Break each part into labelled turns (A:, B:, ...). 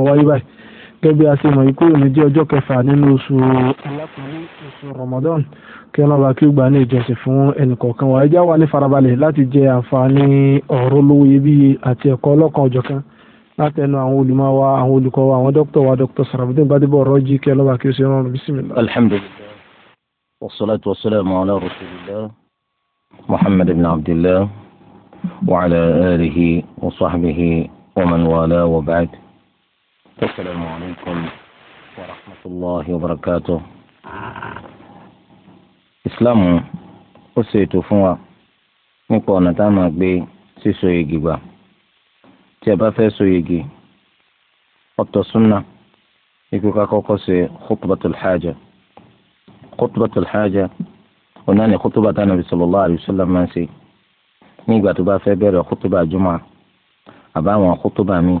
A: mọ̀ wáyé báyìí gẹ́gẹ́ bí a ṣe mọ̀ ikú òní jẹ́ ọjọ́ kẹfà nínú oṣù alákùnrin oṣù Ramadan kí ọlọ́ba kí ó gbà ní ìjọsìn fún ẹnìkọ̀ọ̀kan wa ẹjá wa ní farabalẹ̀ láti jẹ àǹfààní ọ̀rọ̀ olówó iyebíye àti ẹ̀kọ́ ọlọ́kan ọ̀jọ̀kan láti ẹnu àwọn olùmọ̀ wa àwọn olùkọ́ wa àwọn dókítà wa dókítà Sàràbùdín Gbádébọ̀ ọ̀rọ̀ jí kí ọlọ́ba kí ó ṣe
B: rán wa man wala wa ba'd. السلام عليكم ورحمة الله وبركاته Islam ó ṣe ètò fún wa nípa ọ̀nà tá a máa gbé síso igi gbà tí a bá fẹ́ so igi ọ̀tọ̀ súnà ikú ká kọ́kọ́ ṣe khutbatul haja khutbatul haja ọ̀nà ni khutba tá a nàbì sallallahu alaihi wasallam máa ń ṣe nígbà tó bá fẹ́ bẹ̀rẹ̀ khutba jùmọ̀ àbáwọn khutba míì.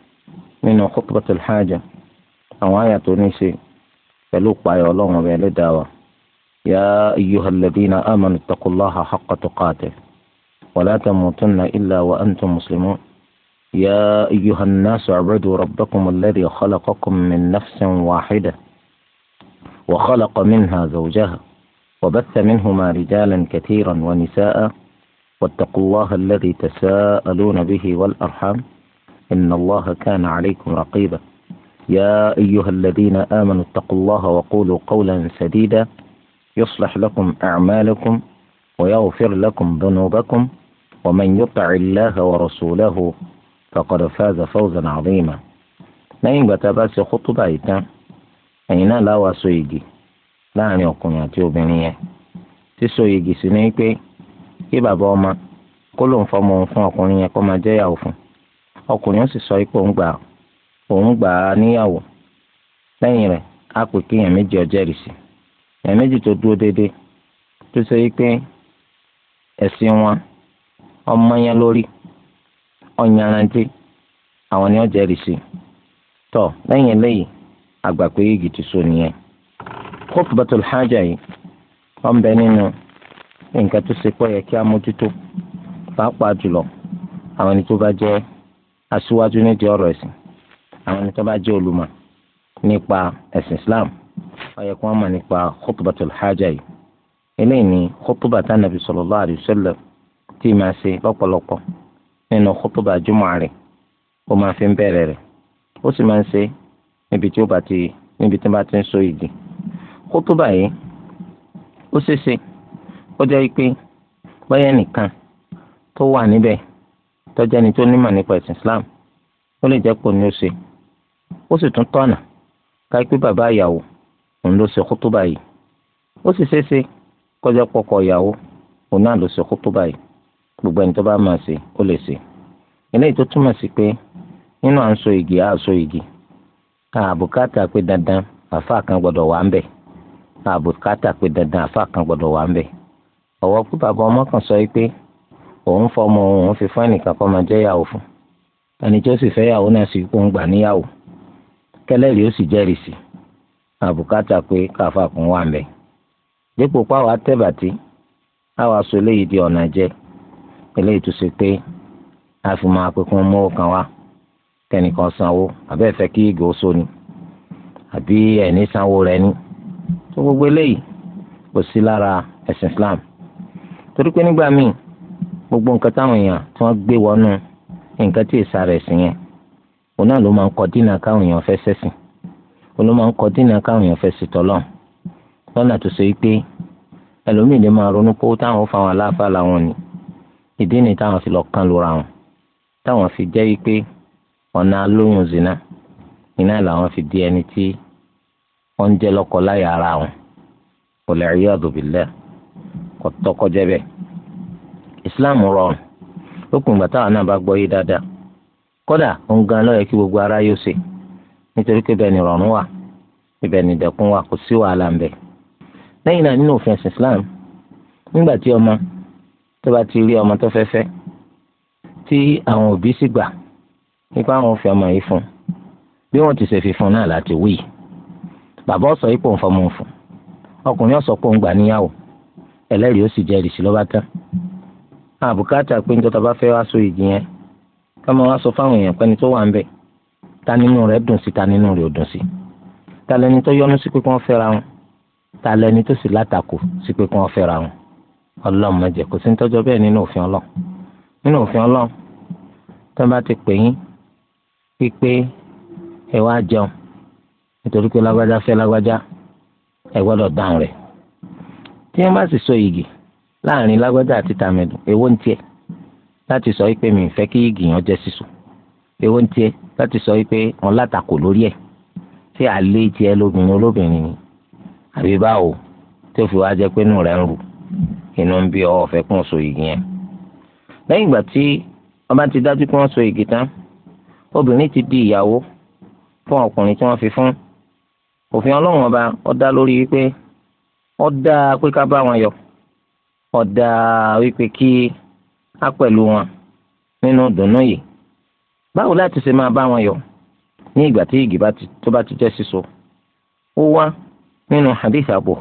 B: من خطبة الحاجة أو آية تونسي يلوك باي ولوم بيلدعوة يا أيها الذين آمنوا اتقوا الله حق تقاته ولا تموتن إلا وأنتم مسلمون يا أيها الناس اعبدوا ربكم الذي خلقكم من نفس واحدة وخلق منها زوجها وبث منهما رجالا كثيرا ونساء واتقوا الله الذي تساءلون به والأرحام إن الله كان عليكم رقيبا يا أيها الذين آمنوا اتقوا الله وقولوا قولا سديدا يصلح لكم أعمالكم ويغفر لكم ذنوبكم ومن يطع الله ورسوله فقد فاز فوزا عظيما لين بتباس خطبة إيتان أين لا وسيجي لا أن يكون ياتيو sísọ yìgì سنيكي ni pé كلهم فمون ọmọ kó lóun fọmọ ọkùnrin ó sì sọ pé òun gbà òun gbà á níyàwó lẹ́yìn rẹ̀ á pè kí èèyàn méjì ọjẹ́rìí sí èèyàn méjì tó dúró déédéé tó ṣe pé ẹ̀sìn wọn ni ọjẹ́rìí sí tó lẹ́yìn eléyìí àgbà pé igi ti so nìyẹn yìí wọ́n bẹ nínú nǹkan tó ṣe pọ̀ yẹ kí a mójútó pàápàá jùlọ aṣíwájú nídìí ọ̀rọ̀ ẹ̀sìn àwọn ẹni tó bá jẹ́ olùmọ̀ nípa ẹ̀sìn Islam ó yẹ kí wọ́n mọ̀ nípa khutbatul hajj yìí eléyìí ni khutuba tá nàbì sallallahu alayhi wa sallam tí ì máa ṣe lọ́pọ̀lọpọ̀ nínú khutuba jùmọ̀ rẹ̀ ó máa fi ń bẹ̀rẹ̀ rẹ̀ ó sì máa ń ṣe níbi tí ó bá ti níbi tí ó bá ti ń so ìdí khutuba yìí ó ṣeéṣe ó jẹ́ pé bọ́yẹ̀ nìkan tó wà níbẹ̀ tọ́jà ni tó nímọ̀ nípa ẹ̀sìn Islam ó lè jẹ́ pò ní ó ṣe ó sì tún tọ̀nà káyí pé bàbá ìyàwó òun ló ṣe kútúbà yìí ó sì ṣeéṣe kọjá pọkọ ìyàwó òun náà ló ṣe kútúbà yìí gbogbo ẹni tó bá máa ṣe ó lè ṣe eléyìí tó túmọ̀ sí pé nínú à ń so igi à so igi àbùkátà pé dandan àfa kan gbọdọ̀ wà ń bẹ̀ àbùkátà pé dandan àfa kan gbọdọ̀ wà ń bẹ̀ ọ̀wọ́ pé bàbá ọmọ kan sọ yìí pé òun fọmọ òun fi fún ẹnìkan kọ́ máa jẹ́ ìyàwó fún ẹni tó sì fẹ́ ìyàwó náà sì kó ń gbà níyàwó kẹlẹ́rìí ó sì jẹ́rìí àbùkátà pé káfa kún wà mẹ́ dípò páwa tẹ́bàtì káwa sọ eléyìí di ọ̀nà jẹ eléyìí tó ṣe pé a fi máa pé kí kan wá kẹ́nìkan sanwó kí ìgò sóni àbí ẹ̀ní sanwó rẹ ní tó gbogbo eléyìí kò sí lára gbogbo nǹkan táwọn èèyàn tí wọ́n gbé wọnú nǹkan tí èsà rẹ̀ sí yẹn òun náà ló máa ń kọ dínà káwọn èèyàn fẹ́ sẹ́sìn òun ló máa ń kọ dínà káwọn èèyàn fẹ́ sí tọ́lọ́n lọ́nà tó ṣe pé ẹlòmíì lè máa ronú pé táwọn fáwọn aláfáà làwọn ni ìdí ni táwọn fi lọ kán lura wọn táwọn fi jẹ́ wípé ọ̀nà alóyún zina iná làwọn fi di ẹni tí wọ́n ń jẹ́ lọ́kọ láyà ara wọn kò lè rí ọ̀dùnbílẹ̀ kò tọ́kọ jẹ́ bẹ́ẹ̀ islam rọrùn ó kùn gbà táwọn náà bá gbọ́ yé dáadáa kódà òun gan ló yẹ kí gbogbo ara yóò ṣe nítorí pé bẹ́ẹ̀ ni rọrùn wà ibẹ̀ ni dẹ̀kun wà kò sí wàhálà ń bẹ. lẹ́yìn náà nínú òfin ẹ̀sìn islam nígbà tí ọmọ tó bá ti rí ọmọ tó fẹ́ fẹ́ tí àwọn òbí sì gbà nípa àwọn òfin ọmọ yìí fún bí wọ́n ti ṣe fi fún náà láti wí bàbá ọ̀sọ̀ ipò ń fọmọ fún ọkùnrin ọ̀sọ̀ pò ń gbà níyàwó ẹlẹ́rìí ó sì jẹ́rìí sí lọ́ba àbùkátà pé níjọ́ tàbá fẹ́ wá so ìgì yẹn ká máa wá sọ fáwọn èèyàn pẹ́ni tó wà ń bẹ̀ ta nínú rẹ̀ dùn sí ta nínú rẹ̀ ò dùn sí ta lẹni tó yọnu sí pé kí wọ́n fẹ́ra wọn ta lẹni tó sì látakò sí pé kí wọ́n fẹ́ra wọn ọlọ́run mẹ́jẹ kò sí ń tọ́jọ́ bẹ́ẹ̀ nínú òfin ọlọ́run nínú òfin ọlọ́run tó bá ti pè yín pípé ẹ wá jẹun nítorí pé lágbájá fẹ́ lágbájá ẹ gbọ́dọ̀ dáhùn rẹ̀ tí wọ́n bá sì so igi láàrin lágbájá àti tàmẹ̀dù èwo ń tiẹ̀ láti sọ wípé mi fẹ́ kí ìgìyàn jẹ́ sísun èwo ń tiẹ̀ láti sọ wípé wọn látakò lórí ẹ̀ ṣé àlè tiẹ̀ lóbìnrin olóbìnrin ni àbí báwo tó fi wá jẹ́ pé inú rẹ̀ ń rù inú ń bí ọwọ́ fẹ́ kún so igi yẹn. lẹ́yìn ìgbà tí wọ́n bá ti dájú pé wọ́n so igi tán obìnrin ti di ìyàwó fún ọkùnrin tí wọ́n fi fún òfin ọlọ́run ọba ó lórí wípé ó pé ká bá wọn yọ ọ̀dà wípé kí á pẹ̀lú wọn nínú ìdùnnú yìí báwo láti ṣe máa bá wọn yọ ní ìgbà tí igi tó bá ti jẹ́ sísọ ó wá nínú hadith Abu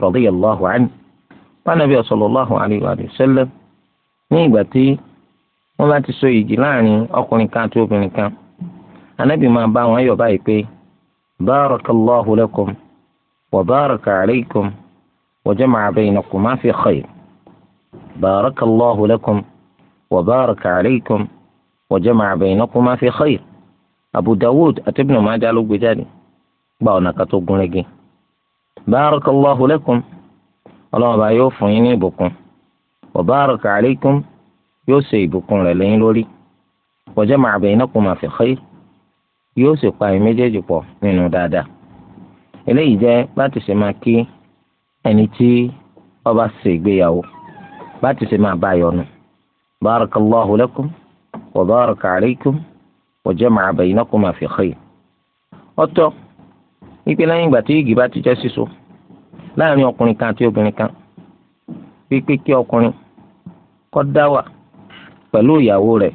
B: radiyallahu alayhi wa sallam ní ìgbà tí wọ́n bá ti so igi láàrin ọkùnrin kan àti obìnrin kan anabi máa bá wọn yọ báyìí pé barakallahu lakum وجمع بينكم ما في خير بارك الله لكم وبارك عليكم وجمع بينكم ما في خير أبو داود أتبنى ما جعلوا بجاني باونا كتوبون لكي بارك الله لكم الله بايوف بكم وبارك عليكم يوسيبكم للين لولي وجمع بينكما في خير يوسف قائم جيجي نينو دادا إليه جاء باتسما كي ẹni tí ọba ṣe ìgbéyàwó bá ti ṣe máa bá a yọnu barakallahu lakum wa baraka alaykum wa jama'a baynakuma fi khayr. ọ̀tọ̀ wípé lẹ́yìn ìgbà tí igi bá ti jẹ́ síso láàrin ọkùnrin kan àti obìnrin kan wípé kí ọkùnrin kó dá wà pẹ̀lú ìyàwó rẹ̀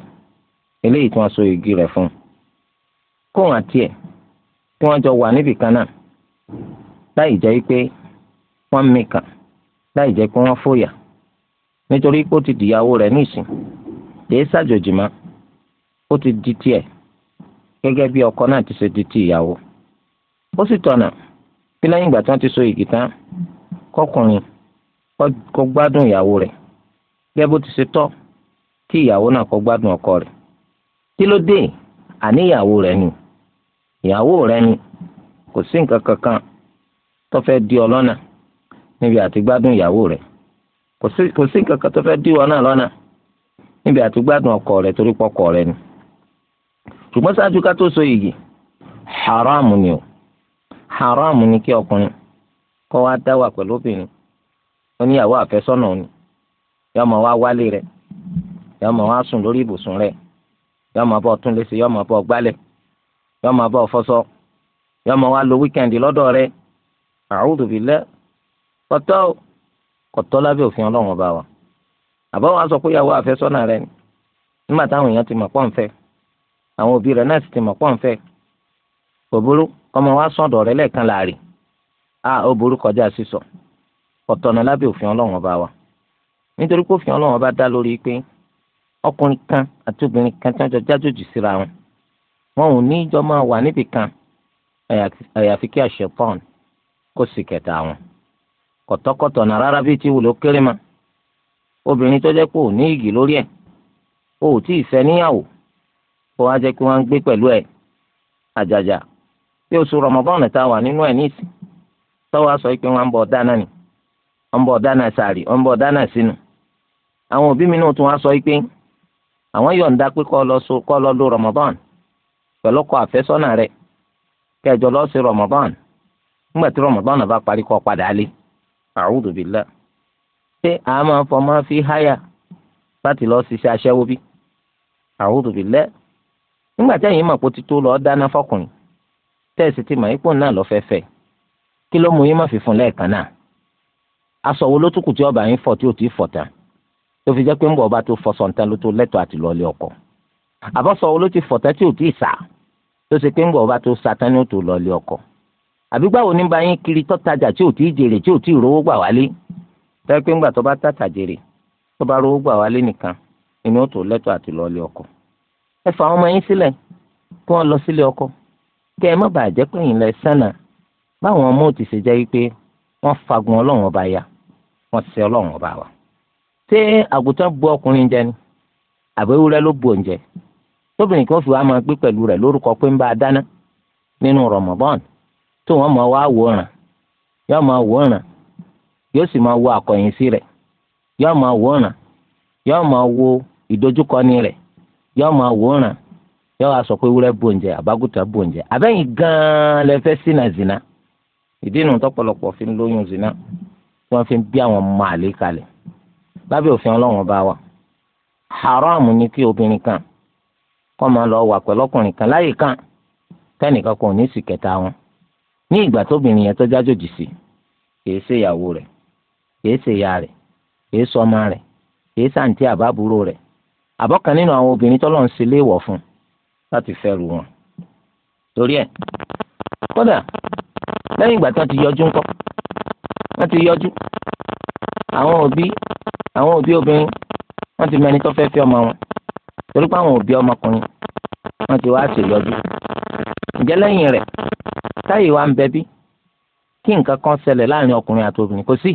B: eléyìí tí wọ́n so igi rẹ̀ fún un kóun àti ẹ̀ kí wọ́n jọ wà níbì náà láì jẹ́ wípé wọ́n meka kàn láì jẹ́ pé wọ́n fòyà nítorí pé ó ti dìyàwó rẹ nísìn lèé ṣàjòjì mọ́ ti di tiẹ̀ gẹ́gẹ́ bí ọkọ náà ti ṣe di ti ìyàwó ó sì tọ̀nà bí filayin ìgbà tí ti so ìgì tán kọkùnrin kó gbádùn ìyàwó rẹ ti ṣe tọ kí ìyàwó náà kó gbádùn ọkọ kí ló dé àní ni ìyàwó rẹ ni kò sí nǹkan di níbi àti gbádùn ìyàwó re kò sí kankan tó fẹ́ díwọ náà lọ́nà níbi àti gbádùn ọkọ rẹ̀ torí pọkọ rẹ̀ ni ṣùgbọ́n ṣáájú ká tó so yìí haram ni o haram ni kí ọkùnrin kọ́ wa dá wà pẹ̀lú obìnrin àfẹ́sọ́nà ni yọ ọmọ wa wálé rẹ̀ yọ ọmọ wa sùn lórí ibùsùn rẹ̀ yọ ọmọ bọ tún léṣe yọ ọmọ bọ gbálẹ̀ yọ ọmọ bọ yọ ọmọ wa lo wíkẹ̀ndì lọ́dọ̀ rẹ̀ a'udhu kọtọ kọtọ lábẹ́ òfin Ọlọ́run ọba wa àbáwọn aṣọ pé ìyàwó àfẹ́sọ́nà rẹ ni nígbà táwọn èèyàn ti mọ̀ pọ̀ nfẹ́ àwọn òbí rẹ náà sì ti mọ̀ pọ̀ nfẹ́ kò burú ọmọ wa sọ ọ̀dọ̀ rẹ lẹ́ẹ̀kan láàrin a ó burú kọjá sísọ ọtọnà lábẹ́ òfin Ọlọ́run ọba wa nítorí pé òfin Ọlọ́run ọba dá lórí pé ọkùnrin kan àti obìnrin kan tí wọ́n jọ jájòjì síra wọn wọn ò ní jọ máa wà níbì àyàfi kí àṣẹ pọn kó sì kẹta wọn. kọtọkọtọ na rárá bíi ti wù okele kéré ma obìnrin tó jẹ́ pé ò ní igi lórí o ò tíì fẹ́ níyàwó kó wá jẹ́ kí ń gbé àjàjà bí oṣù ta wà nínú ẹ̀ nísìn sọ pé wọ́n ń bọ̀ dáná ni wọ́n ń bọ̀ dáná sàárì wọ́n ń bọ̀ dáná sínú àwọn òbí mi náà tún wá sọ pé àwọn yọ̀ǹda pé kọ́ lọ so kọ́ lọ lo pẹ̀lú ọkọ àfẹ́sọ́nà kẹjọ lọ sí nígbà tí bá àwùdù bílà ṣé a máa fọmọ fi háyà láti lọ ṣiṣẹ́ aṣẹ́wó bí àwùdù bílà nígbà tí ẹ̀yin màpò ti tó lọ dáná fọkùnrin tẹ́ẹ̀sì ti màá ipò náà lọ́fẹ́fẹ́ kí ló mú yín má fi fún lẹ́ẹ̀kan náà aṣọ wo ló túkù tí ọba yín tí ọba tó sọ̀ǹtàn ló tó lẹ́tọ̀ọ́ ọkọ wo ló ti tí ò tí ì ọba tó sa tán àbí gbàwo ní bá yín kiri tọ́tajà tí ò tí ì jèrè tí ò tí ì rówó gbà wálé tẹ́lẹ̀ pé ńgbà tó bá tàtà jèrè tó bá rówó gbà wálé nìkan inú ó tó lẹ́tọ̀ àti lọ́ọ́lé ọkọ. ẹ fà àwọn ọmọ yín sílẹ̀ kí wọ́n lọ sílé ọkọ kẹ́ ẹ má bàa jẹ́ pé ìyìnlẹ̀ sànà báwọn ọmọ ò ṣe jẹ́ wípé wọ́n fagun ọlọ́run ọba ya wọ́n ṣe ọlọ́run ọba wa. ṣé àgùntàn bu ọkùnrin jẹ ni àbẹ̀wúrẹ́ ló bu oúnjẹ tóbìnrin kan fi wá máa gbé pẹ̀lú rẹ̀ lórúkọ pé ń bá a dáná nínú rọmọbọ́ọ̀nù tó wọn ma wá wòran yóò máa wòran yóò sì máa wo àkọ̀yìn sí rẹ̀ yóò máa wòran yóò máa wo ìdojúkọni rẹ̀ yóò máa wòran yóò wá sọ pé bòǹjẹ àbágùtà bòǹjẹ àbẹ́yìn gan-an lẹ fẹ́ sínà zina ìdí nu fi ń lóyún zina tí wọ́n fi ń bí àwọn ọmọ àlè òfin bá wà ni kí obìnrin kan kọ́ máa lọ wà kan kan ní ìgbà tóbìnrin yẹn tó jájòjì sí kìí ṣe ìyàwó rẹ̀ kìí ṣe ìyá rẹ̀ kìí ṣe ọmọ rẹ̀ kìí ṣe àǹtí àbábúrò rẹ̀ àbọ̀kan nínú àwọn obìnrin tọ́lọ́ ń ṣe léèwọ̀ fún láti fẹ́ ru wọn. torí kódà ìgbà tó ti yọjú ńkọ́ wọ́n ti yọjú àwọn òbí àwọn òbí obìnrin ti mẹ́ni tó fẹ́ fẹ́ ọmọ wọn torí pé àwọn òbí ọmọkùnrin ti wá ṣèyọjú ǹjẹ́ lẹ́yìn táyì wa ń bẹ bí kí nǹkan kan ṣẹlẹ̀ láàrin ọkùnrin àti obìnrin kò sí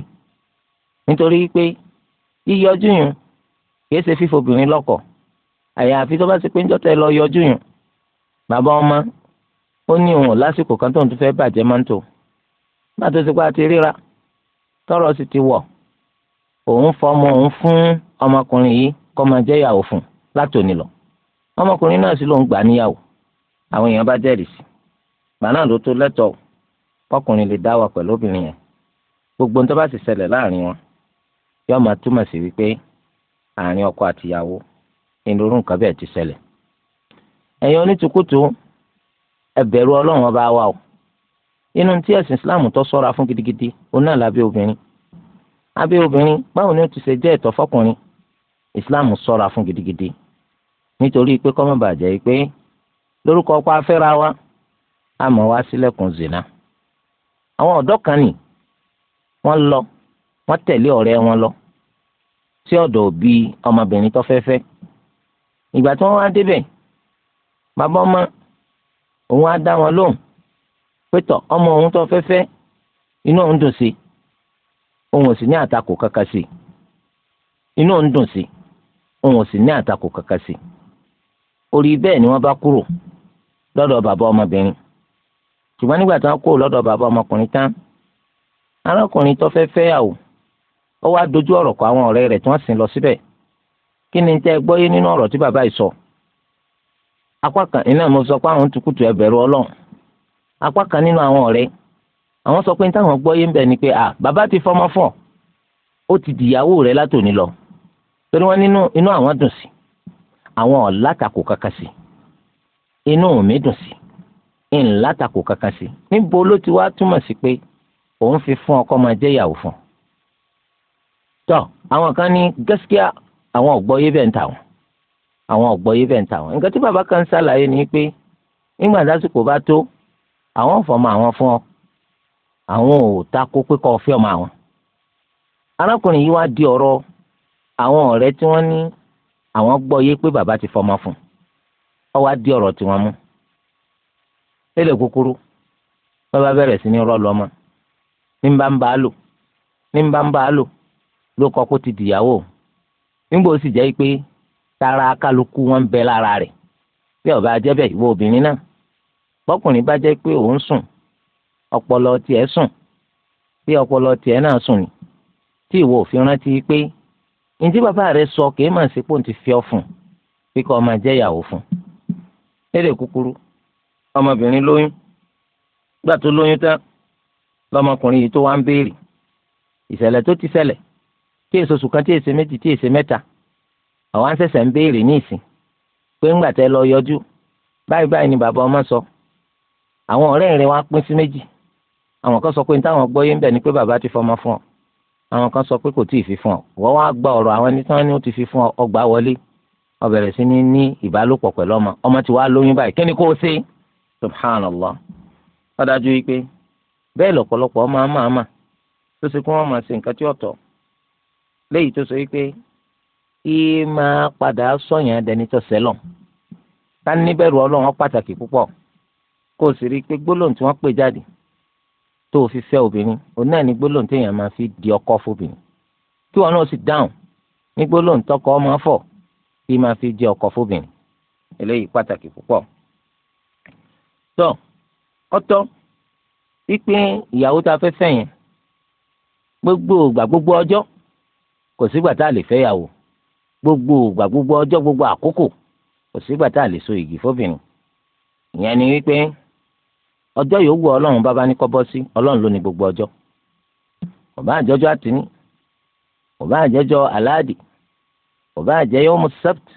B: nítorí pé yíyọjú yùn kìí ṣe fífobìnrin lọ́kọ àyàfi tó bá ṣe pé ń jọ́tẹ̀ lọ yọjú yùn bàbá ọmọ ó ní òun lásìkò kan tóun tó fẹ́ bàjẹ́ mọ́tò bá tó ṣe pé a ti ríra tọrọ sì ti wọ̀ òun fọmọ òun fún ọmọkùnrin yìí kọ́ máa jẹ́ ìyàwó fún látòní lọ ọmọkùnrin náà sì ló gbà níyàwó àwọn èèyàn bá jẹ́rìí sí i gbaná ló tó lẹ́tọ̀ kọkùnrin lè dá wà pẹ̀lú obìnrin yẹn gbogbo ń tó bá sì ṣẹlẹ̀ láàrin wọn yóò máa túmọ̀ sí wípé àárín ọkọ àtìyàwó ìlú nǹkan bẹ́ẹ̀ ti ṣẹlẹ̀ ẹ̀yin onítùkùtù ẹ ọlọ́run ọba wa o inú tí ẹ̀sìn islam tó sọ́ra fún gidigidi òun náà lábẹ́ obìnrin abẹ́ obìnrin báwo ni ó ti ṣe jẹ́ ẹ̀tọ́ fọkùnrin islam sọ́ra fún gidigidi nítorí pé kọ́mọ̀bàjẹ́ pé lórúkọ ọkọ afẹ́ra wa àmọ́ wá sílẹ̀kùn zina àwọn ọ̀dọ́ kan nì wọ́n lọ wọ́n tẹ̀lé ọ̀rẹ́ wọn lọ sí ọ̀dọ̀ òbí ọmọbìnrin tó fẹ́ fẹ́ ìgbà tí wọ́n wá débẹ̀ bàbá ọmọ ọmọ òun tó fẹ́ fẹ́ inú òun dùn sí òun ò sì ní àtakò kankan sí inú ṣùgbọ́n nígbà tí wọ́n kó lọ́dọ̀ bàbá ọmọkùnrin tán arákùnrin tó fẹ́ fẹ́yàwó ó wá dojú ọ̀rọ̀ kọ àwọn ọ̀rẹ́ rẹ̀ tí wọ́n sìn lọ síbẹ̀ kí ni tẹ́ ẹ gbọ́ yé nínú ọ̀rọ̀ tí bàbá yìí sọ apá kan iná mo sọ pé àwọn tukutu ẹbẹ̀rù ọlọ́run apá kan nínú àwọn ọ̀rẹ́ àwọn sọ pé táwọn gbọ́ yé ń bẹ̀ ni lọ torí nínú inú àwọn dùn sí àwọn ọ̀làtàkù ń látakò kankan sí níbo ló ti wá túmọ̀ sí pé òun fi fún ọkọ máa jẹ́ ìyàwó fún un. tọ́ àwọn kan ní gaskiya àwọn ọ̀gbọ́ yé bẹ́ẹ̀ ń tà wọ́n àwọn ọ̀gbọ́ yé bẹ́ẹ̀ ń tà wọ́n nǹkan tí bàbá kan ṣàlàyé ni pé nígbà dásìkò bá tó àwọn fọmọ àwọn fún ọ àwọn ò takò pé kọ́ ọmọ àwọn. arákùnrin yìí wá di ọ̀rọ̀ àwọn ọ̀rẹ́ tí wọ́n ní àwọn gbọ́ yé pé bàbá ti fọmọ fún ọ wá di ọ̀rọ̀ tí mú Ele kukuru, bàbá bẹ̀rẹ̀ sí ní rọ́ọ̀lù ọmọ ní bá ń bá a lò ní bá ń bá a lò ló kọ́ kó ti dìyàwó nígbà ó sì jẹ́ pé tara kálukú wọn bẹ lára rẹ̀ bí ó jẹ́ bẹ́ẹ̀ ìwọ obìnrin náà bọ́kùnrin bá jẹ́ pé òun sùn ọpọlọ tiẹ̀ sùn bí ọpọlọ tiẹ̀ náà sùn ni tí ìwọ òfin rántí pé ǹtí bàbá rẹ̀ sọ kì í mà sí pò ń ti fi ọ fún pé kọ́ ọ máa jẹ́ ìyàwó fún lédè kúkúrú ọmọbìnrin lóyún gbà tó lóyún tán lọmọkùnrin yìí tó wá ń béèrè ìṣẹ̀lẹ̀ tó ti ṣẹlẹ̀ tí èso sùn kan tí èso méjì tí èso mẹ́ta àwọn á ń béèrè ní ìsìn pé ńgbà tẹ́ lọ yọjú báyìí báyìí ni bàbá ọmọ sọ àwọn ọ̀rẹ́ rẹ̀ wá pín sí méjì àwọn kan sọ pé táwọn gbọ́ yé ń bẹ̀ ni pé bàbá ti fọmọ fún ọ àwọn kan sọ pé kò tí ì fi fún ọ wọ́n wá gba ọ̀rọ̀ àwọn ẹni tí wọ́n ní ó ti fi fún ọ ọgbà wọlé ó bẹ̀rẹ̀ sí ní ní ìbálòpọ̀ pẹ̀lú ọmọ ọmọ ti wá lóyún báyìí kí ni kó o ṣe Allah ọ̀dájú yìí pé bẹ́ẹ̀ lọ́pọ̀lọpọ̀ máa máa ama, tó ṣe kí wọ́n máa ṣe nǹkan tí ọ̀tọ̀ léyìí tó ṣe wípé yìí máa padà sọ̀yàn dẹni tó sẹ́lọ̀ ká níbẹ̀rù ọlọ́run pàtàkì púpọ̀ kó o sì rí i pé gbólóhùn tí wọ́n pè jáde tó o fi fẹ́ obìnrin òun náà fi di ọkọ fóbìnrin kí wọn náà sì dáhùn ní gbólóhùn tọkọ ọmọ kí fi di ọkọ fóbìnrin eléyìí pàtàkì púpọ̀ tọ ọtọ wípé ìyàwó tá a fẹ́ fẹ́ yẹn gbogbo ògbà gbogbo ọjọ́ kò sígbà tá a lè fẹ́ yàwó gbogbo ògbà gbogbo ọjọ́ gbogbo àkókò kò sígbà tá a lè so igi fóbìnrin ìyẹn ni wípé ọjọ́ yòówù ọlọ́run bàbá ní kó bọ́ sí ọlọ́run ló ní gbogbo ọjọ́ kò bá àjọjọ́ àtìní kò bá àjọjọ́ aláàdì kò bá àjẹyọ́ musabt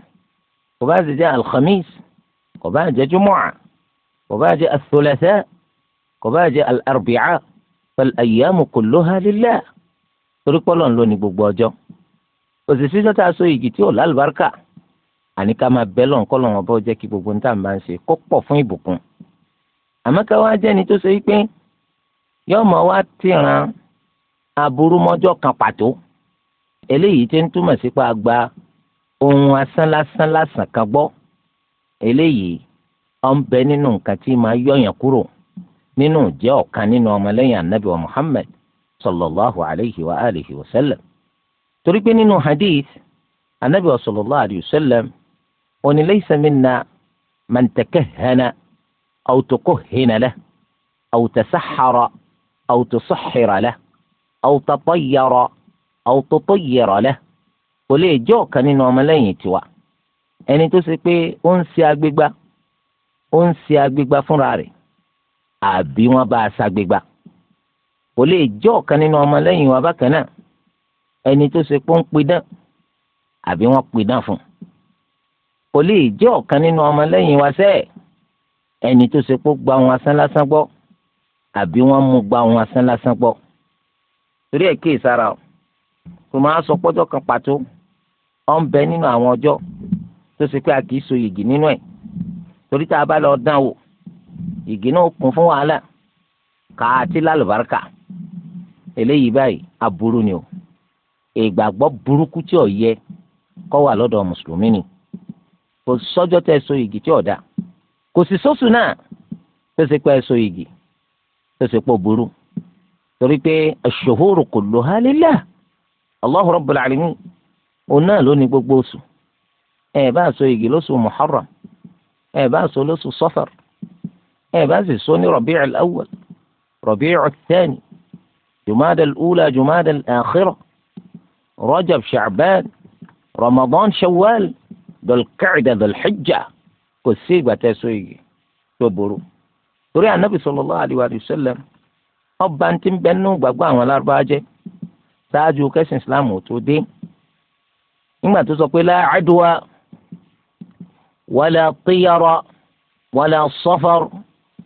B: kò bá àjẹjọ́ alhamis kò bá mọ́à kò bá jẹ́ ath-thulatha kò bá jẹ́ al-arbi'a fal-ayyamu kulluha lillah torí pọ́lọ́ ló ní gbogbo ọjọ́ òṣìṣẹ́ tó ta so igi tí ò lálùbáríkà àní ká máa bẹ́ lọ́n kọ́ lọ́wọ́ bọ́ jẹ́ kí gbogbo níta bá ń ṣe kó pọ̀ fún ìbùkún àmọ́ ká wá jẹ́ni tó ṣe pé yóò mọ̀ wá tìran aburú mọ́jọ́ kan pàtó eléyìí tí ń túmọ̀ sí pa gba ohun asán lásán lásán kan gbọ́ eléyìí ọ̀n bẹ nínú nǹkan tí máa yọ̀yàn kúrò nínú jẹ́ ọ̀kan nínú ọmọlẹ́yìn anabi wa muhammed sallallahu alayhi wa alihi wa sallam torí pé nínú hadith anabi wa sallallahu alayhi wa sallam ó ní laysa minna man takahhana aw tukuhhina lahu aw tasahhara aw tusahhira lahu aw tatayyara aw tutayyira kò lè jẹ́ ọ̀kan nínú ọmọlẹ́yìn tiwa ẹni tó ṣe pé ó ń ṣe agbégbá ó ń ṣe agbégbá fúnra rẹ̀ àbí wọ́n bá a ṣàgbégbá kò lè jẹ́ ọ̀kan nínú ọmọlẹ́yìn wa bákan náà ẹni tó ṣe pé ó ń pidán àbí wọ́n pidán fún un kò lè jẹ́ ọ̀kan nínú ọmọlẹ́yìn wa sẹ́ẹ̀ ẹni tó ṣe pé ó gba wọn asán lásán gbọ́ àbí wọ́n mú gba wọn asán lásán gbọ́ torí ẹ̀ kí ìsara o kò máa sọ pọ́jọ́ kan pàtó ọ̀ ń bẹ nínú àwọn ọjọ́ tó ṣe pé a kì í so yìgì nínú ẹ̀ torí tá a bá lọ dán wò igi náà kún fún wàhálà ká àti lálùbáríkà eléyìí báyìí aburú ni o ìgbàgbọ́ burúkú tí ò yẹ kó wà lọ́dọ̀ mùsùlùmí ni kò sọ́jọ́ tẹ́ so igi tí ò dá kò sì sóṣù náà tó ṣe pé ẹ so igi tó pé ó burú torí pé ash-shuhuru kulluha lillah Allahu rabbul alamin òun náà ló ní gbogbo oṣù ẹ bá so igi lóṣù muharram ẹ bá sọ lóṣù sọfàr ẹ bá sì sọ ní rọbí al-awwal rọbí al-thani jumada al-ula jumada al-akhira rajab sha'ban ramadan shawwal dọlkẹ́ẹ̀dà dọlhijja kò sí ìgbà tẹ́ sọ yìí tó burú torí anabi sallallahu alaihi wa sallam ọba ti ń bẹnu gbàgbọ́ àwọn alárúbáwá jẹ́ ṣáájú kẹ́sìn islam tó dé nígbà tó sọ pé la adwa. ولا طير ولا صفر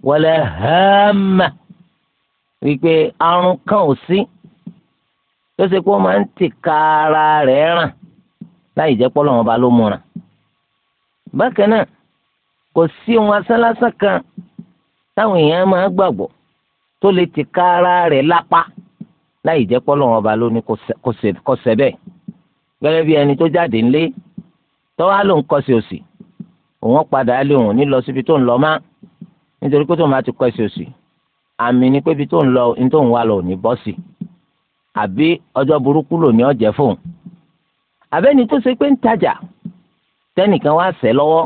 B: ولا هامة wípé àrùn kan ò sí tó ṣe kó máa ń tìka ara rẹ̀ ràn láì jẹ́ pọ́ lọ́wọ́n ba ló mu ràn. bákan náà kò sí ohun asánlásán kan táwọn èèyàn máa gbàgbọ́ tó lè tìka ara rẹ̀ lápá láì jẹ́ pọ́ lọ́wọ́n ba ló ní kó ṣe gẹ́gẹ́ bí ẹni tó jáde ńlé tọ́wá ló ń kọ́ sí òsì òun padà lé òun ní lọ síbi tó ń lọ má nítorí pé tóun bá ti kọ ẹsẹ̀ òsì àmì ni pé ibi tó ń lọ ní tóun wà lọ ní bọ́ọ̀sì àbí ọjọ́ burúkú lò ní ọ̀jẹ̀ fóun àbẹ́ni tó ṣe pé ń tajà tẹ́nìkan wá sẹ́ lọ́wọ́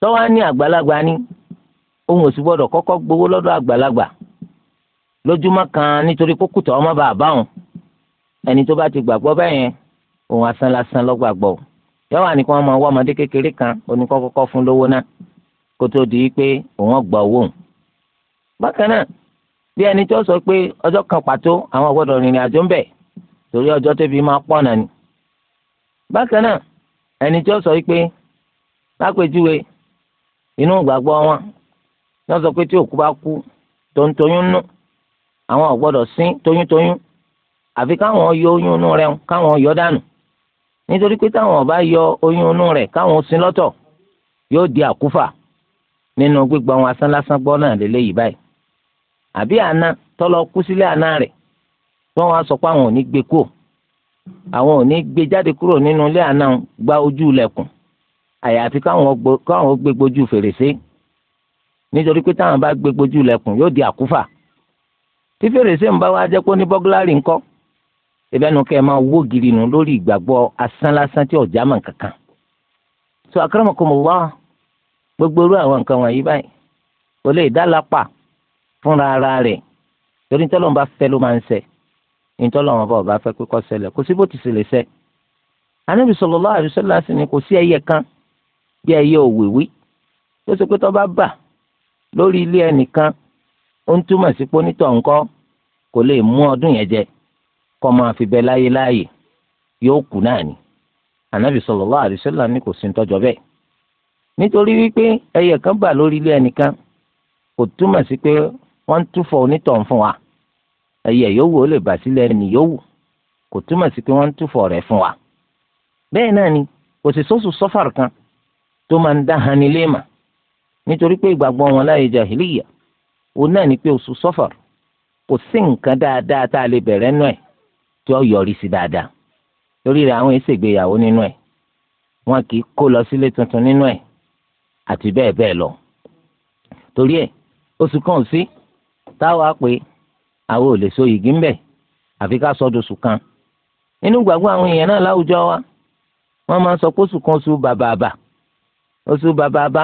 B: tọ́wá ní àgbàlagbà ni òun ò sì gbọ́dọ̀ kọ́kọ́ gbowó lọ́dọ̀ àgbàlagbà lójúmọ́ kan nítorí kó kùtà ọmọ bàbá òun ẹni tó bá ti gbàgbọ́ bẹ́yẹn òun asán lásán lọ́gbàgbọ́ òun yọ̀wá ni kí wọ́n máa kekere ọmọdé kékeré kan oníkọ́kọ́kọ́ fún lówó náà kó tó di pé òun ọgbà owó òun. bákan náà bí ẹni tó sọ pé ọjọ́ kan pàtó àwọn gbọ́dọ̀ rìnrìn àjò ń bẹ̀ torí ọjọ́ tóbi máa pọ̀ náà ni. bákan náà ẹni tó sọ pé lápèjúwe inú ìgbàgbọ́ wọn sọ pé tí òkú bá kú àwọn àfi káwọn yọ oyún yọ dànù nítorí pé táwọn ọba yọ oyún inú rẹ̀ káwọn sin lọ́tọ̀ yóò di àkúfà nínú gbígbà wọn asán lásán gbọ́ náà lélẹ́yìí báyìí àbí àna tọ́lọ kú sílé àna rẹ̀ wọ́n wá sọ pé àwọn ò ní gbé kúrò àwọn ò ní gbé jáde kúrò nínú ilé àna gba ojú ilẹ̀kùn àyàfi káwọn gbé gbójú fèrèsé nítorí pé táwọn bá gbé gbójú ilẹ̀kùn yóò di àkúfà tí fèrèsé ń bá wá jẹ́ kó ní bọ́gúlárì ńkọ́ ìbẹ́nu kẹ́ ẹ máa wó giri nù lórí ìgbàgbọ́ asán lásán tí ọ̀já mọ̀ kankan. tó akramakumullah gbogbo irú àwọn nǹkan wọ̀nyí báyìí kò lè dálápà fúnra ara rẹ̀ torí tọ́lọ́mù bá fẹ́ ló máa ń ṣẹ ìtọ́lọ́mù bá ọba fẹ́ pé kó ṣẹlẹ̀ kò sí bó ti ṣẹlẹ̀ ṣẹ. anábì sallallahu alaihi wasallam ni kò sí ẹyẹ kan bí ẹyẹ òwìwí tó ṣe pé tó bá bà lórí ilé ẹnìkan ó ń túmọ̀ sí pé onítọ̀ nǹkan kò lè mú ọdún yẹn jẹ kọ́ máa fi bẹ láyé láàyè yóò kú náà ni ànábì sallallahu alaihi wasallam ní kò sí tọ́jọ́ bẹ́ẹ̀ nítorí wípé ẹyẹ kan bà lórí ilé ẹnìkan kò túmọ̀ sí pé wọ́n ń túfọ̀ onítọ̀hún fún wa ẹyẹ yòówù ó lè bà sílẹ̀ ẹni yòówù kò túmọ̀ sí pé wọ́n ń túfọ̀ rẹ̀ fún wa bẹ́ẹ̀ náà ni kò sì sóṣù sọ́fàr kan tó máa ń dá hani léèmà nítorí pé ìgbàgbọ́ wọn láyé jahiliya òun náà ni pé oṣù sọ́fàr kò sí nǹkan dáadáa tá a lè bẹ̀rẹ̀ náà tí ó yọrí sí dáadáa torí rẹ̀ àwọn èsì ìgbéyàwó nínú ẹ̀ wọn kì í kó lọ sílé tuntun nínú ẹ̀ àti bẹ́ẹ̀ bẹ́ẹ̀ lọ torí ẹ̀ oṣù kan sí táwa pé àwọn ò lè so yìgì ń bẹ̀ àfi ká sọdọ̀ oṣù kan nínú gbàgbọ́ àwọn èèyàn náà láwùjọ wa wọ́n máa ń sọ pé oṣù kan oṣù bàbàbà oṣù bàbàbà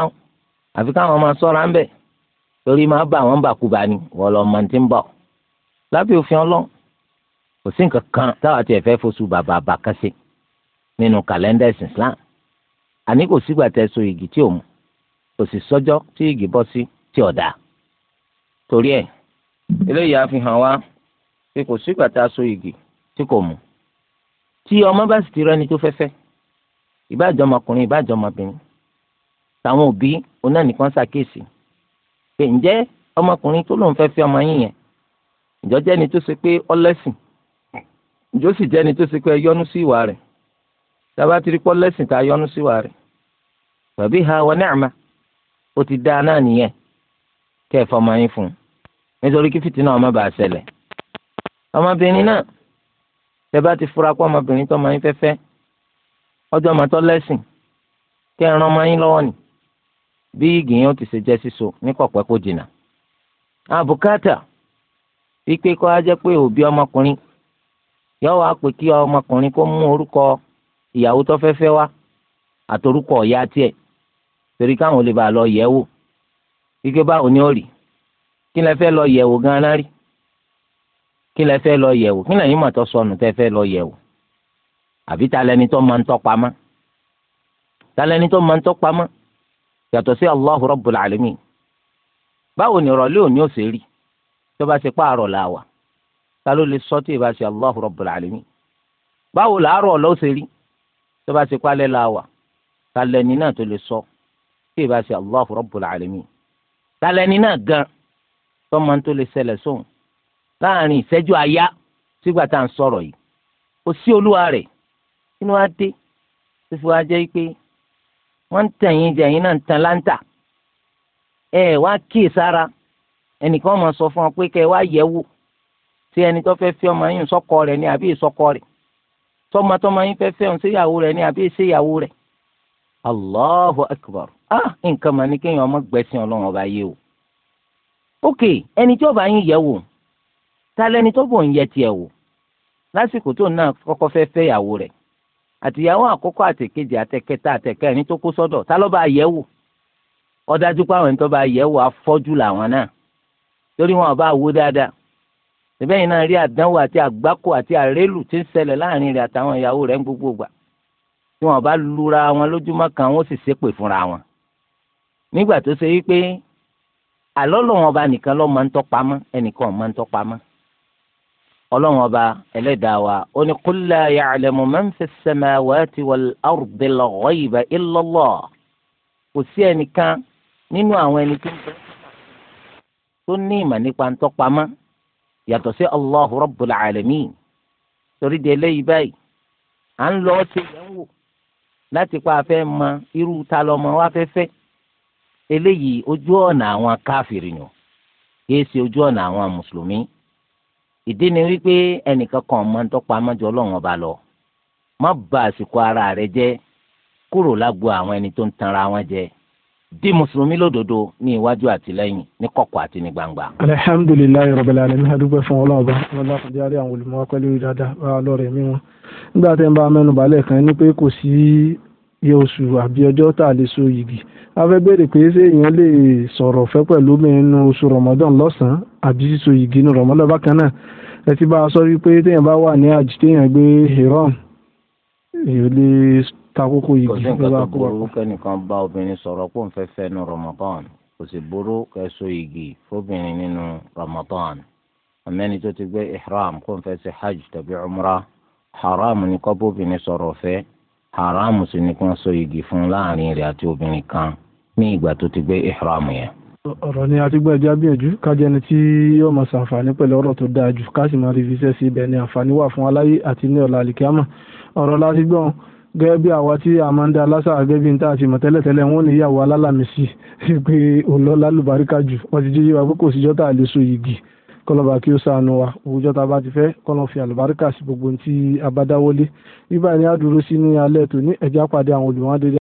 B: àfi káwọn máa sọ́ra ń torí máa bà wọ́n bàkúbà ni wọ́n lọ́ọ́ máa ti ń bọ̀ lábẹ́ òfin ọlọ́run kò sí nǹkan kan táwa tiẹ̀ fẹ́ fosù bàbà àbàkan nínú kàlẹ́ndà ẹ̀sìn Islam àní kò sígbà so igi tí ò mú kò sì sọ́jọ́ tí igi bọ́ sí tí ọ̀dà torí ẹ̀ eléyìí fi hàn wá pé kò sígbà tá so igi tí kò mú tí ọmọ bá sì ti rẹ́ni tó fẹ́fẹ́ ìbáàjọ́ ọmọkùnrin ìbáàjọ́ ọmọbìnrin táwọn òbí oná nìkan ṣàkíyèsí pé ǹjẹ́ ọmọkùnrin tó lóun fẹ́ fẹ́ ọmọ yín yẹn ìjọ jẹ́ni tó ṣe pé ǹjọ́ jẹni tó ṣe pé yọ́nú sí ìwà rẹ̀ tába ti rí pọ́ lẹ́sìn tá a sí ìwà rẹ̀ tàbí ha o ti dáa náà nìyẹn kẹ́ ẹ̀ fọmọ yín fún un nítorí kí fìtínà ọmọ ọmọbìnrin náà tẹ́bá ti fura ọmọbìnrin tó ọmọ yín ọmọ tó ràn ọmọ yín ni bí igi ó ti ṣe síso ní yọ wá pé kí ọmọkùnrin kó mú orúkọ ìyàwó tó fẹ́ fẹ́ wá àtorúkọ ọ̀yá tiẹ̀ torí káwọn lè bá lọ yẹ̀ wò wípé báwo ni ó rí kí lẹ fẹ́ lọ yẹ̀ wò gan-an rí kí lẹ fẹ́ lọ yẹ̀ wò kí lẹ́yìn mọ̀tọ́ sọnù tẹ́ fẹ́ lọ yẹ̀ wò àbí ta tó máa ń tọ́pamọ́ ta tó máa ń tọ́pamọ́ yàtọ̀ sí Allahu Rabbul Alamin báwo ni ìrọ̀lẹ́ òní ò ṣe rí tó bá ṣe pààrọ̀ làwà ta ló lè sọ tí ìbá ṣe Allahu Rabbul Alamin báwo làárọ̀ ọ̀lọ́ ṣe rí tó bá ṣe pálẹ̀ la wà talẹ́ni náà tó lè sọ tí ìbá ṣe Allahu Rabbul Alamin talẹ́ni náà gan tọ́mọ tó lè ṣẹlẹ̀ sóhun láàrin ìṣẹ́jú àyá sígbà tá à ń sọ̀rọ̀ yìí kò sí olúwa rẹ̀ inú wa dé fífi wa jẹ́ pé wọ́n ń tàn jẹ yín náà ń tan ẹ wá kíyèsára ẹnìkan máa sọ fún ọ pé kẹ wá yẹ̀ wò ṣé ẹni tó fẹ́ fẹ́ ọmọ yín sọ́kọ rẹ̀ ni àbí ìsọ́kọ rẹ̀ tọ́mọ tọ́mọ yín fẹ́ fẹ́ ọ̀hún síyàwó rẹ̀ ni àbí ìṣèyàwó rẹ̀ allahu akbar ah nǹkan mà ní kéèyàn ọmọ gbẹ̀sìn ọlọ́run ọba yé o ok ẹni tí ọba yín yẹ wò ta lẹni tó bò ń yẹ tiẹ̀ wò lásìkò tó náà kọ́kọ́ fẹ́ fẹ́ ìyàwó rẹ̀ àtìyàwó àkọ́kọ́ àtẹ̀kejì àtẹ̀kẹta àtẹ̀kẹrin tó kó sọ́dọ̀ ta ló bá yẹ wò ó dájú ẹni tó bá yẹ wò afọ́jú làwọn náà torí wọn ò wò dáadáa síbẹ̀ yìí náà rí àdánwò àti àgbákò àti àrélù tí ń ṣẹlẹ̀ láàrin rẹ̀ àtàwọn ìyàwó rẹ̀ ń gbogbo gbà tí wọn bá lura wọn lójúmọ́ kan wọn sì ṣépè fúnra wọn nígbà tó ṣe wípé àlọ́lọ́wọ́n ọba nìkan ló máa ń tọ́pamọ́ ẹnìkan máa ń tọ́pamọ́ ọlọ́wọ́n ọba ẹlẹ́dàá wa ó ní qul la ya'lamu man fi s-samawati wal-ardi l yàtọ̀ sí Allahu Rabbul Alamin torí de eléyìí báyìí à ń lọ ṣe yẹn wò láti pa afẹ́ mọ irú ta lọ́mọ wa fẹ́ fẹ́ eléyìí ojú ọ̀nà àwọn káfìrì nù kìí ṣe ojú ọ̀nà àwọn mùsùlùmí ìdí ni wípé ẹnìkan máa ń amájọ ọlọ́run ọba lọ má bà àsìkò ara rẹ jẹ́ kúrò lágbo àwọn ẹni tó ń tanra wọn di mùsùlùmí lódodo ní iwájú àti lẹ́yìn ní kọ̀kọ̀ àti
A: ní gbangba. alihamudulilayi rabbil alamin adúgbò fún ọlọ́ọ̀bá ọlọ́ọ̀bá fún diari àwọn olùmọ̀ọ́ pẹ̀lú ìdáadáa lọ́rẹ̀ mi wọn. nígbà tẹ́ ń bá mẹ́nubà lẹ́ẹ̀kan ni pé kò sí iye oṣù àbí ọjọ́ tá a lè so yìgì. a fẹ́ béèrè pé ṣé èèyàn lè sọ̀rọ̀ fẹ́ pẹ̀lú obìnrin nu oṣù rọmọdán lọ́sàn-án àbí síso hiram èèyàn takoko yìí kí fẹ́ bá kó wa.
B: kò sí nǹkan tó burú kẹ́nìkan bá obìnrin sọ̀rọ̀ pé òun fẹ́ fẹ́ Ramadan kò sì burú kẹ́sọ igi fóbìnrin nínú Ramadan àmẹ́ni tó ti gbé ihram kó n fẹ́ ṣe hajj tàbí umra haram ni kọ́ bóbìnrin sọ̀rọ̀ fẹ́ haram sì ni kí wọ́n sọ igi fún láàrin rẹ̀ àti obìnrin kan ní ìgbà tó ti gbé ihram yẹn
A: ọ̀rọ̀ ni àtúgbà ẹja gbìyànjú kájẹ́ ẹni tí yóò máa ṣàǹfààní pẹ̀lú ọ̀rọ̀ tó dáa jù ká sì máa rí fi iṣẹ́ sí ibẹ̀ ni àǹfààní wà fún aláyé àti ní ọ̀la àlìkámà ọ̀rọ̀ la ti gbọ́n gẹ́gẹ́ bí àwa tí a máa ń da lásà gẹ́gẹ́ bí n tá a ti mọ̀ tẹ́lẹ̀tẹ́lẹ̀ wọ́n ní ìyàwó alálàmísì pé òlọ́lá lùbáríkà jù wọ́n ti jíjí wa pé kò síjọ́ tá a lè so yìgì kọlọba kí ó sànù wa òwújọ́ tá a bá ti fẹ́ kọlọ fi àlùbáríkà sí gbogbo ohun tí a bá dáwọ́lé bíbá ni a dúró sí ní alẹ́ tòní ẹ̀já pàdé àwọn olùwádìí